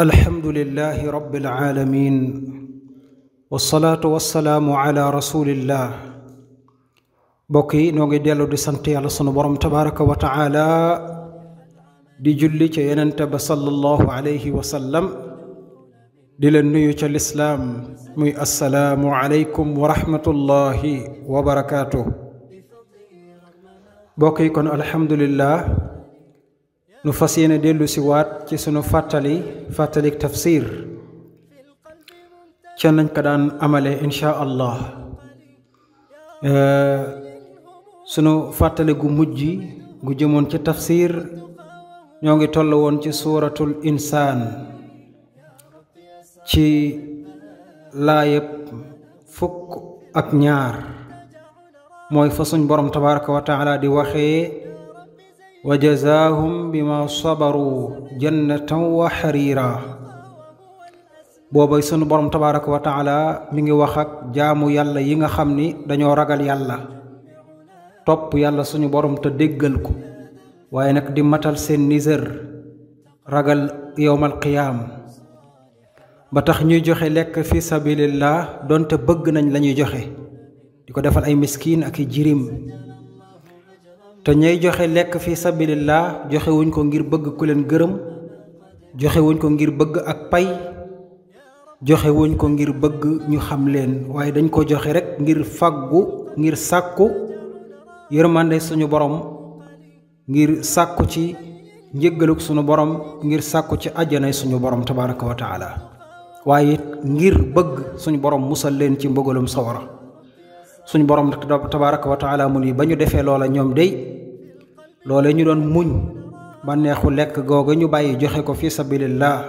alhamdulillahi rabbil aalamiin wassalaatu wassalaamu ala rasulillah mbokk yi noo ngi dellu di sant yàlla sunu borom tabaraka di julli ca yenente ba sallallahu alayhi di la nuyu ca lislaam muy assalaamu aleykum wa rahmatullahi wa barakaatu kon alhamdulillah nu fas yéene dellusi waat ci sunu fàttali fàttalik tafsir ca nañ ko daan amale incha allah eh, sunu fàttali gu mujj gu jëmoon ci tafsir ñoo ngi toll woon ci suuratul insaan ci laayëb fukk ak ñaar mooy fa suñ borom tabaraka wa taala di waxee wa jazaahum bima sabaru jannatan wa xariira booba suñu borom tabaaraka wa mi ngi wax ak jaamu yàlla yi nga xam ni dañoo ragal yàlla topp yàlla suñu borom te déggal ko waaye nag di matal seen nisër ragal yowmal qiyaam ba tax ñuy joxe lekk fi sabilillah donte bëgg nañ lañuy joxe di ko defal ay miskin ak i jirim te ñay joxe lekk fi sabilillah joxe wuñ ko ngir bëgg ku leen gërëm joxe ko ngir bëgg ak pay joxe ko ngir bëgg ñu xam leen waaye dañ ko joxe rekk ngir fàggu ngir sàkku yërmande suñu borom ngir sàkku ci njëggaluk suñu borom ngir sàkku ci àjjanay suñu borom tabaraka wa taala waaye ngir bëgg suñu borom musal leen ci mbëggalum sawara suñu borom tabaraka mu ni ba ñu defee loola ñoom day loola ñu doon muñ bànneexu lekk googa ñu bàyyi joxe ko fi sabilillah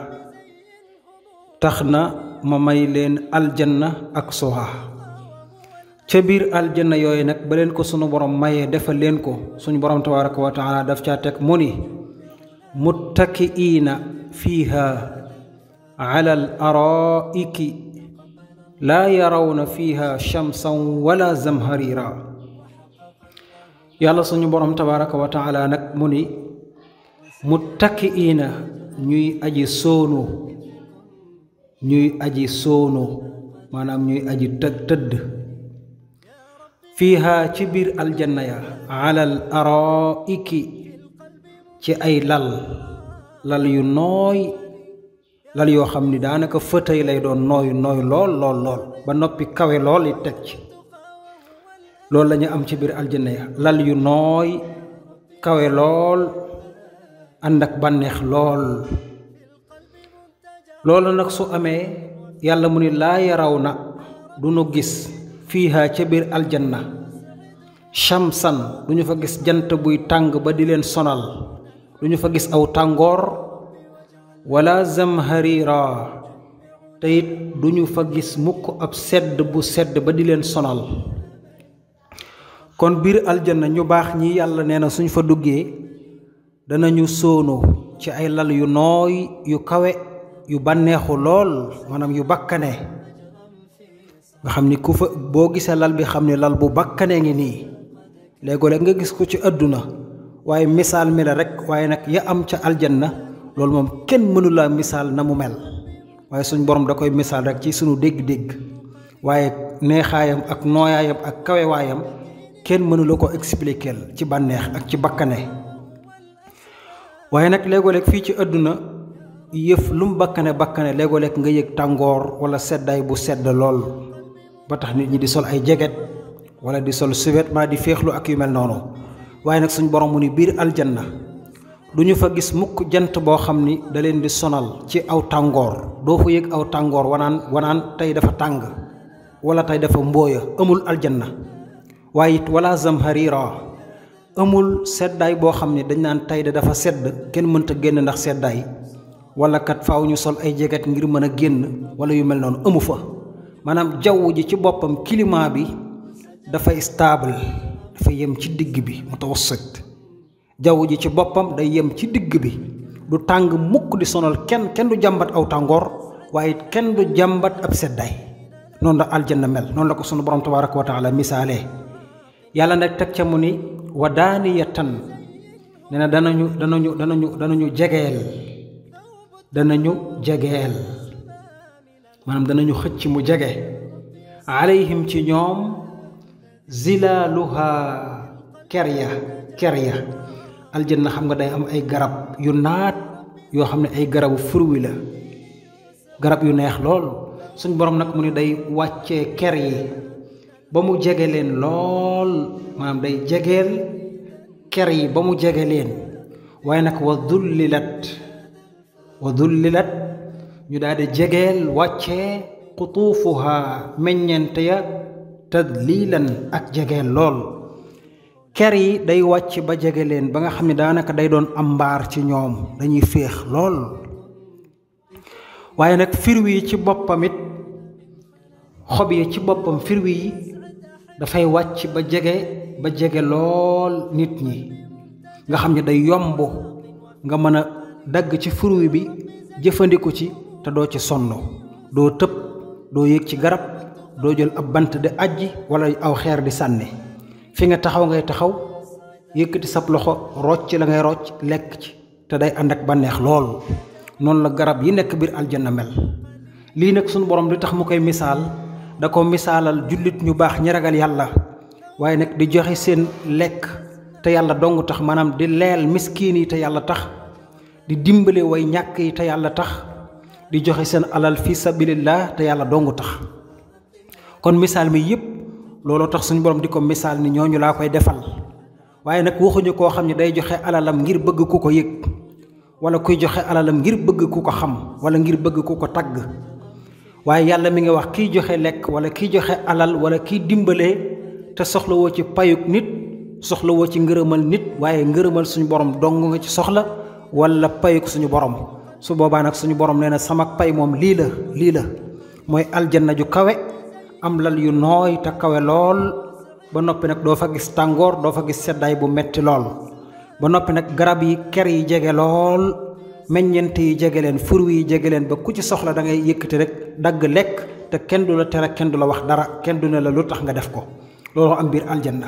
tax na ma may leen aljanna ak soha ca biir aljanna yooyu nag ba leen ko sunu borom mayee defal leen ko suñu borom tabaraka wa taala daf caa teg mu ni muttaki'iina fiiha ala al araa'iki laa na fiha shamsan wala zamharira yàlla suñu borom tabaraka wa taala nag mu ni mu takki iina ñuy aji sóonoo ñuy aji sóonoo maanaam ñuy aji tëg tëdd fiiha ci biir aljanna ya alal ci ay lal lal yu nooy lal yoo xam ni daanaka fauteuil lay doon nooyu nooyu lool lool lool ba noppi kawe lool it teg ci loolu la am ci biir aljanna ya lal yu nooy kawe lool ànd ak bànneex lool loolu nag su amee yàlla mu ni laa yaraw na du nu gis fiiha ca biir aljanna shamsan du ñu fa gis jant buy tàng ba di leen sonal du ñu fa gis aw tàngoor wala zamharira te it duñu fa gis mukk ab sedd bu sedd ba di leen sonal kon biir aljana ñu baax ñi yàlla nee na suñ fa duggee danañu sóonoo ci ay lal yu nooy yu kawe yu bànneexu lool maanaam yu bakkane nga xam ni ku fa boo gisee lal bi xam ne lal bu bakkanee ngi nii léegoo-léeg nga gis ko ci àdduna waaye misaal mi la rekk waaye nag ya am ca aljanna loolu moom kenn mënula misaal na mu mel waaye suñu boroom da koy misaal rek ci suñu dégg-dégg waaye neexaayam ak nooyaayam ak kawewaayam kenn mënula ko expliquer ci bànneex ak ci bakkane waaye nag léegoo-leeg fii ci àdduna yëf lum bakkane bakkane léegoo-leeg nga yëg tàngoor wala seddaay bu sedd lool ba tax nit ñi di sol ay jeget wala di sol suwet maa di féexlu ak yu mel noonu waaye nag suñu borom mu ni biir na du ñu fa gis mukk jant boo xam ni da leen di sonal ci aw tàngoor doo fa yëg aw tàngoor wanaan wanaan tey dafa tàng wala tey dafa mbooya amul aljanna waaye it wala zamharira amul seddaay boo xam ne dañ naan tey de dafa sedd kenn mënta génn ndax seddaay wala kat faaw ñu sol ay jeget ngir mën a génn wala yu mel noonu amu fa maanaam jaww ji ci boppam climat bi dafay stable dafa yem ci digg bi mutawassit jaww ji ci boppam day yem ci digg bi du tàng mukk di sonal kenn kenn du jàmbat aw tàngoor waaye kenn du jàmbat ab seddaay noonu la aljanna mel noonu la ko sunu borom tabaraka wa misaale yàlla nag teg ca mu ni wa daaniyatan nee na danañu danañu danañu ñu jegeel danañu jegeel maanaam danañu xëcc mu jege alayhim ci ñoom zilaaluha kerya kerya aljanna xam nga day am ay garab yu naat yoo xam ne ay garabu furwi la garab yu neex lool suñ borom nag mu ne day wàcce ker yi ba mu jege leen lool maanaam day jegeel ker yi ba mu jege leen waaye nag wa dullilat wa dullilat ñu daal di jegeel wàccee xutuufuha meññente ya tadlilan ak jegeel lool ker yi day wàcc ba jege leen ba nga xam ne daanaka day doon am mbaar ci ñoom dañuy féex lool waaye nag firwi yi ci boppam it xob yi ci boppam firwi dafay wàcc ba jege ba jege lool nit ñi nga xam ni day yomb nga mën a dagg ci firwi bi jëfandiku ci te doo ci sonn doo tëb doo yéeg ci garab doo jël ab bant di ajji wala aw xeer di sànni fi nga taxaw ngay taxaw yëkkati sab loxo rocc la ngay rocc lekk ci te day ànd ak bànneex lool noonu la garab yi nekk biir aljanna mel lii nag sunu borom li tax mu koy misaal da ko misaalal jullit ñu baax ñi ragal yàlla waaye nag di joxe seen lekk te yàlla dong tax maanaam di leel miskiin yi te yàlla tax di dimbale way ñàkk yi te yàlla tax di joxe seen alal fi sabilillah te yàlla dong tax kon misaal mi yépp looloo tax suñu borom di ko misaal ni ñoo ñu laa koy defal waaye nag waxuñu koo xam ne day joxe alalam ngir bëgg ku ko yëg kuy joxe alalam ngir bëgg ku ko xam wala ngir bëgg ku ko tagg waaye yàlla mi nga wax kiy joxe lekk wala kiy joxe alal wala kiy dimbalee te soxlawoo ci payug nit soxlawoo ci ngërëmal nit waaye ngërëmal suñu borom dong nga ci soxla wala payug suñu borom su boobaa nag suñu borom nee na sama pay moom lii la lii la mooy aljanna ju kawe am lal yu nooy te kawe lool ba noppi nag doo fa gis tàngoor doo fa gis seddaay bu metti lool ba noppi nag garab yi ker yi jege lool meññent yi jege leen furwi yi jege leen ba ku ci soxla da ngay yëkkati rek dagg lekk te kenn du la tere kenn du la wax dara kenn du ne la lu tax nga def ko looloo am biir aljanna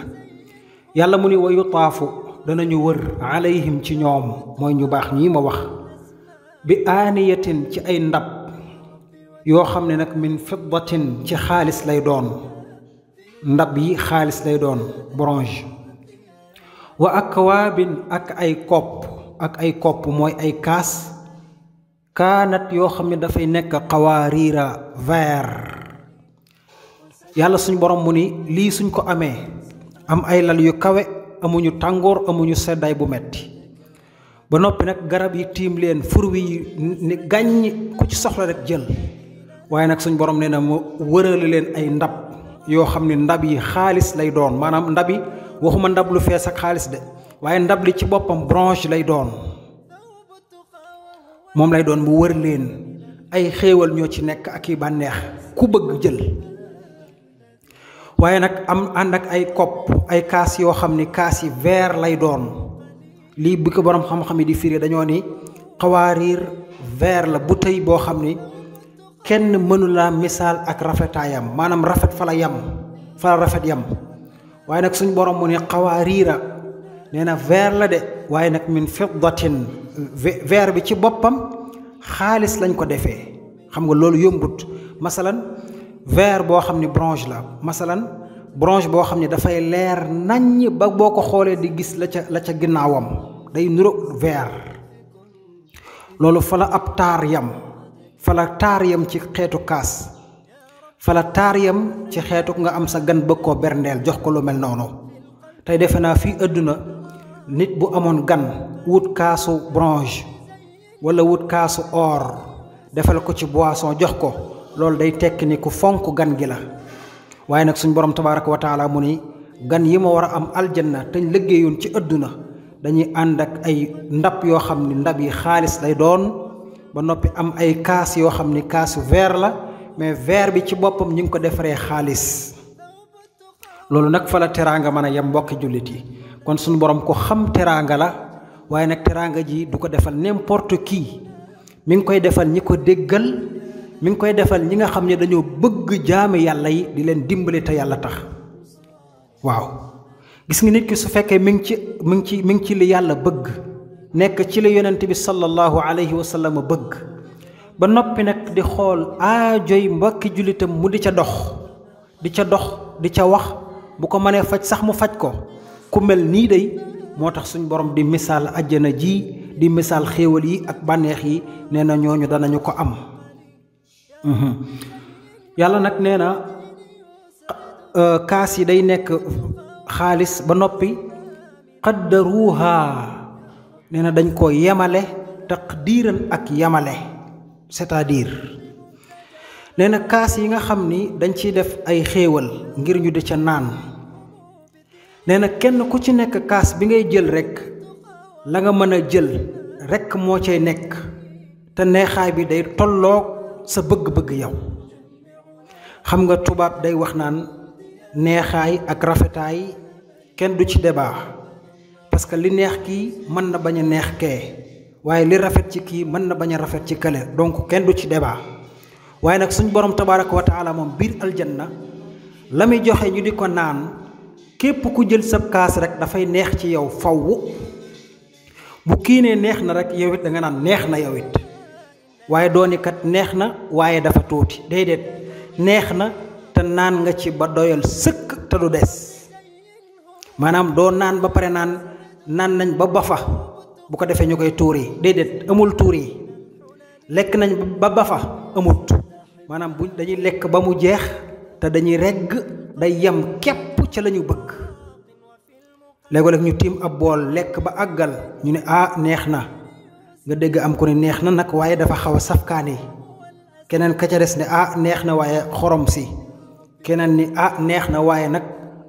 yàlla mu ni wa yutaafu danañu wër alayhim ci ñoom mooy ñu baax ñii ma wax bi aaniyatin ci ay ndab yoo xam ne nag min fiddatin ci xaalis lay doon ndab yi xaalis lay doon bronze wa akwaabin ak ay kopp ak ay kopp mooy ay kaas kaanat yoo xam ne dafay nekk xawaariira verre yàlla suñ boroom mu ni lii suñ ko amee am ay lal yu kawe amuñu tàngoor amuñu seddaay bu metti ba noppi nag garab yi tiim leen fur wi ni gàññ ku ci soxla rek jël waaye nag suñ borom nee na mu wërale leen ay ndab yoo xam ne ndab yi xaalis lay doon maanaam ndabi waxuma ndab lu fees ak xaalis de waaye ndab li ci boppam branche lay doon moom lay doon mu wër leen ay xéewal ñoo ci nekk ak i bànneex ku bëgg jël waaye nag am ànd ak ay kopp ay kaas yoo xam ni kaas yi verre lay doon lii bi ko boroom xam-xam yi di firi dañoo ni xawaariir verre la bu bouteille boo xam ni kenn mënulaa misaal ak rafetaayam maanaam rafet fa la yam fa la rafet yam waaye nag suñ borom mu ne xawaariira nee na verre la de waaye nag min fiddatin verre bi ci boppam xaalis lañ ko defee xam nga loolu yombut masalan verre boo xam ne bronche la masalan bronche boo xam ne dafay leer naññ ba boo ko xoolee di gis la ca la ca ginnaawam day nuro verre loolu fa la ab taar yam fala taar yam ci xeetu kaas fala taar yam ci xeetu nga am sa gan bëgg berndeel jox ko lu mel noonu tey defe naa fi àdduna nit bu amoon gan wut kaasu bronche wala wut kaasu or defal ko ci boisson jox ko loolu day tekki ni ku fonk gan gi la waaye nag suñ borom tabaaraka wa mu ni gan yi ma war a am aljanna teñ liggéeyoon ci àdduna dañuy ànd ak ay ndab yoo xam ni ndab yi xaalis lay doon ba noppi am ay kaas yoo xam ni kaasu veer la mais verre bi ci boppam ñu ngi ko defaree xaalis loolu nag fa la teraanga mën a yem mbokki jullit yi kon suñu boroom ko xam teraanga la waaye nag teraanga ji du ko defal n'importe qui mi ngi koy defal ñi ko déggal mi ngi koy defal ñi nga xam ne dañoo bëgg jaami yàlla yi di leen dimbali te yàlla tax waaw gis nga nit ki su fekkee mi ngi ci mi ngi ci mi ci li yàlla bëgg nekk ci la yonent bi sallallahu alayhi wa bëgg ba noppi nag di xool aajoy mbokki jullitam mu di ca dox di ca dox di ca wax bu ko mënee faj sax mu faj ko ku mel nii day moo tax suñu borom di misaal àjjana ji di misaal xéewal yi ak bànneex yi nee na ñooñu danañu ko am mhm. yàlla nag nee na euh, kaas yi day nekk xaalis ba noppi qaddaruuha nee na dañ koo yamale yemale diiram ak yamale cest diir dire nee na kaas yi nga xam ni dañ ciy def ay xéewal ngir ñu di ca naan nee na kenn ku ci nekk kaas bi ngay jël rekk la nga mën a jël rekk moo cay nekk te neexaay bi day tolloog sa bëgg-bëgg yow xam nga tubaab day wax naan neexaay ak rafetaay kenn du ci débat parce que li neex kii mën na bañ a neex kee waaye li rafet ci kii mën na bañ a rafet ci kële donc kenn du ci débat waaye nag suñ borom tabaraka wa taala moom biir aljanna la muy joxe ñu di ko naan képp ku jël sab kaas rek dafay neex ci yow faww bu kii nee neex na rek yow it da nga naan neex na yow it waaye doonikat neex na waaye dafa tuuti déedéet neex na te naan nga ci ba doyal sëkk te du des maanaam doo naan ba pare naan naan nañ ba bafa bu ko defee ñu koy tuur yi déedéet amul tuur lekk nañ ba bafa amut maanaam bu dañuy lekk ba mu jeex te dañuy regg day yem képp ca la ñu bëgg léegoo ñu tiim ab bool lekk ba àggal ñu ne ah neex na nga dégg am ko ne neex na nag waaye dafa xaw a kaani keneen ka ca des ne ah neex na waaye xorom si keneen ni ah neex na waaye nag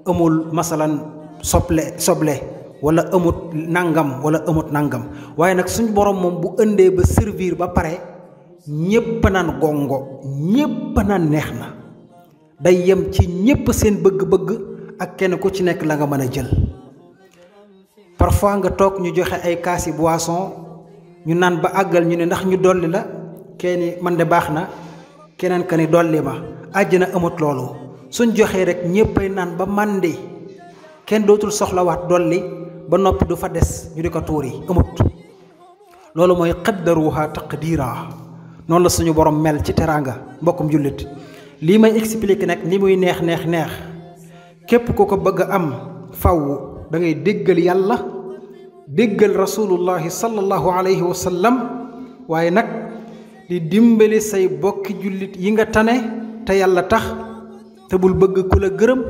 amul masalan soble soble wala amut nangam wala amut nangam waaye nag suñ borom moom bu ëndee ba servir ba pare ñépp naan gongo ñépp naan neex na day yem ci ñépp seen bëgg-bëgg ak kenn ku ci nekk la nga mën a jël parfois nga toog ñu joxe ay kaasi boisson ñu naan ba àggal ñu ne ndax ñu dolli la kenn man de baax na keneen ka ne dolli ma àjj na amut loolu suñ joxee rek ñéppay naan ba màndi kenn dootul soxlawaat dolli ba noppi du fa des ñu di ko tuuri yi loolu mooy qaddaruha taqdiira noonu la suñu boroom mel ci teraanga mbokkum jullit lii may explique nag li muy neex neex neex képp ku ko bëgg am faw da ngay déggal yàlla déggal rasulullahi sallallahu alayhi wa sallam waaye nag di dimbali say bokki jullit yi nga tane te yàlla tax te bul bëgg ku la gërëm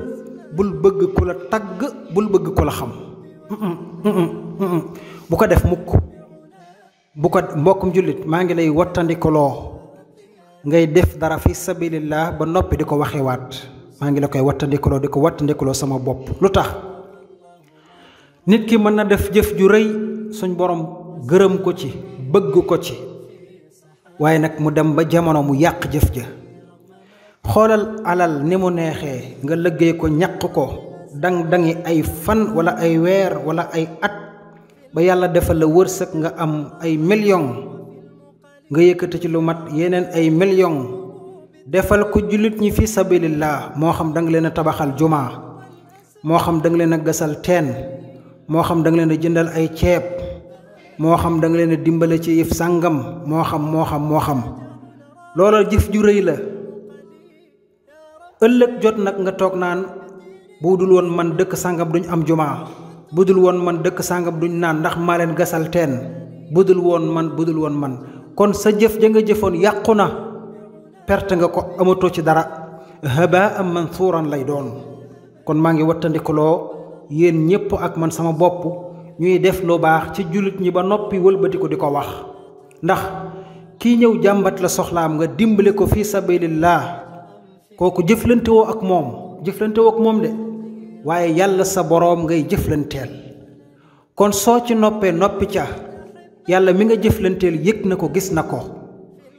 bul bëgg ku la tagg bul bëgg ku la xam bu ko def mukk bu ko mbokkum jullit maa ngi lay wattandikuloo ngay def dara fi sabilillah ba noppi di ko waxewaat maa ngi la koy wattandikuloo di ko wattandikuloo sama bopp lu tax nit ki mën na def jëf ju rëy suñ borom gërëm ko ci bëgg ko ci waaye nag mu dem ba jamono mu yàq jëf ja xoolal alal ni mu neexee nga liggéey ko ñàkk ko dang-dangi ay fan wala ay weer wala ay at ba yàlla defal la wërsëg nga am ay million nga yëkkati ci lu mat yeneen ay million defal ko jullit ñi fi sabilillah moo xam danga leen a tabaxal jumaa moo xam da leen a gasal teen moo xam da leen a jëndal ay ceeb moo xam da leen a dimbale ci yëf sàngam moo xam moo xam moo xam loola jëf ju rëy la ëllëg jot nag nga toog naan bu dul woon man dëkk sàngam duñu am jumaa bu dul woon man dëkk sàngam duñu naan ndax maa leen gasal teen bu dul woon man bu dul woon man kon sa jëf ja nga jëfoon yàqu na perte nga ko amatoo ci dara haba am man mansuuran lay doon kon maa ngi wattandikuloo yéen ñépp ak man sama bopp ñuy def lu baax ci jullit ñi ba noppi wëlbatiku di ko wax ndax kii ñëw jàmbat la soxlaam nga dimbali ko fii sabilillah kooku jëflante woo ak moom jëflante ak moom waaye yàlla sa boroom ngay jëflanteel kon soo ci noppee noppi ca yàlla mi nga jëflanteel yëg na ko gis na ko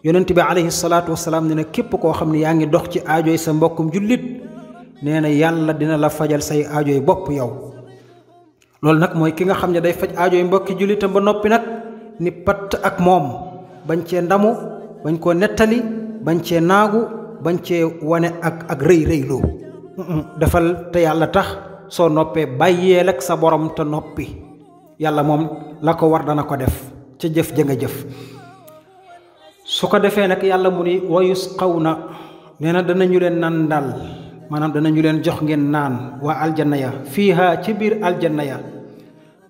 yonent bi aleyhi salaatu wasalaam ne na képp koo xam ne yaa ngi dox ci aajoy sa mbokkum jullit nee na yàlla dina la fajal say aajoy bopp yow loolu nag mooy ki nga xam ne day faj aajoy mbokki jullitam ba noppi nag ni patt ak moom bañ cee ndamu bañ koo nettali bañ cee naagu bañ cee wane ak ak rëy rëyloo defal te yàlla tax soo noppee bàyyeel ak sa boroom te noppi yàlla moom la ko war dana ko def ca jëf ja jëf su ko defee nag yàlla mu ni woyu xaw na nee na danañu leen naan daal maanaam danañu leen jox ngeen naan waa aljanna ya fiiha ci biir aljanna ya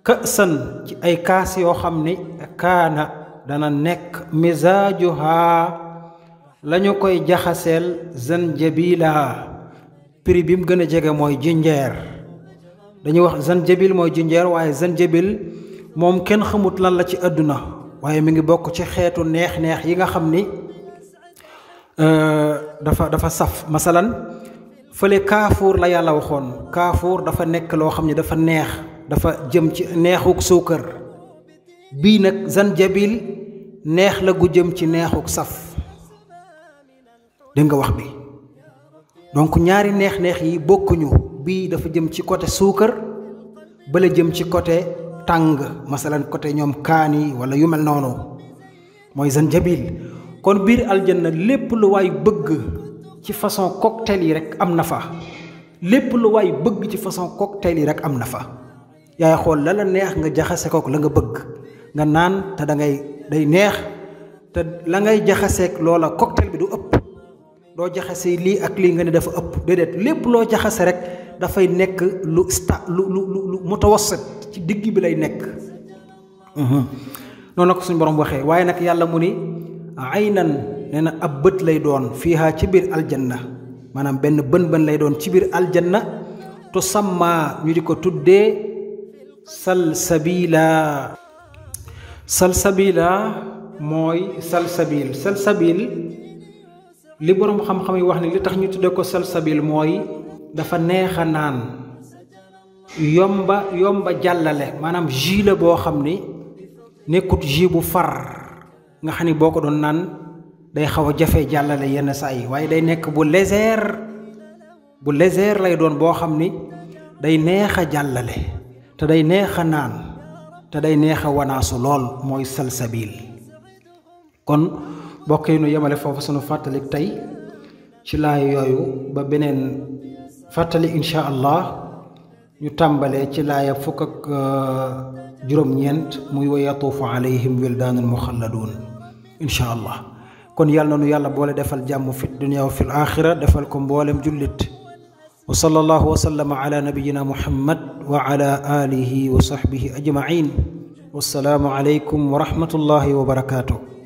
kësan ci ay kaas yoo xam ni kaana dana nekk misaajuha lañu koy jaxaseel zanjabila prix bi mu gën a jege mooy jinjeer dañuy wax san zanjabil mooy jinjeer waaye zanjabil moom kenn xamut lan la ci àdduna waaye mi ngi bokk ci xeetu neex-neex yi nga xam ni euh, dafa dafa saf masalan fële kaafuur la yàlla waxoon kaafuur dafa nekk loo xam ne dafa neex dafa jëm ci neexuk suukar bii nag san jabil neex la gu jëm ci neexuk saf dégg nga wax bi donc ñaari neex-neex yi bokkuñu bii dafa jëm ci côté suukar bala jëm ci côté tàng masalan côté ñoom kaani wala yu mel noonu mooy zanjabil kon biir aljanna lépp lu waay bëgg ci façon cocktail yi rek am na fa lépp lu waay bëgg ci façon cocktail yi rek am na fa yaay xool lala neex nga jaxase kook la nga bëgg nga naan te da ngay day neex te la ngay jaxaseek loola cocktail loo jaxase lii ak lii nga ne dafa ëpp déedéet lépp loo jaxase rek dafay nekk lu sta lu lu lu mutawassit ci digg bi lay nekk mhm. noonu la ko suñu borom waxee waaye nag yàlla mu ni aynan nee na ab bët lay doon fiiha ci biir aljanna maanaam benn bën bën lay doon ci biir aljanna tu samma ñu di ko tuddee salsabila salsabila mooy salsabil salsabil li boroom xam-xam yi wax ni li tax ñu tudde ko salsabil mooy dafa neex a naan yomba yomba jàllale maanaam jus la boo xam ni nekkut jus bu far nga xam ni boo ko doon naan day xaw a jafe jàllale yenn saa waaye day nekk bu léger bu léger lay doon boo xam ni day neex a jàllale te day neex a naan te day neex wanaasu lool mooy salsabil kon bokk yi nu yemale foofu sunu fàttali tey ci laay yooyu ba beneen fàttali incha allah ñu tàmbalee ci laaya fukk euh, juróom-ñeent muy wa yatuufu alayhim wildaanun muxalladuun incha allah kon yàlla na nu yàlla boole defal jàmm fi dunya wa fil axira defal ko mboolem jullit wa sallallahu wa wa ala wa barakaatu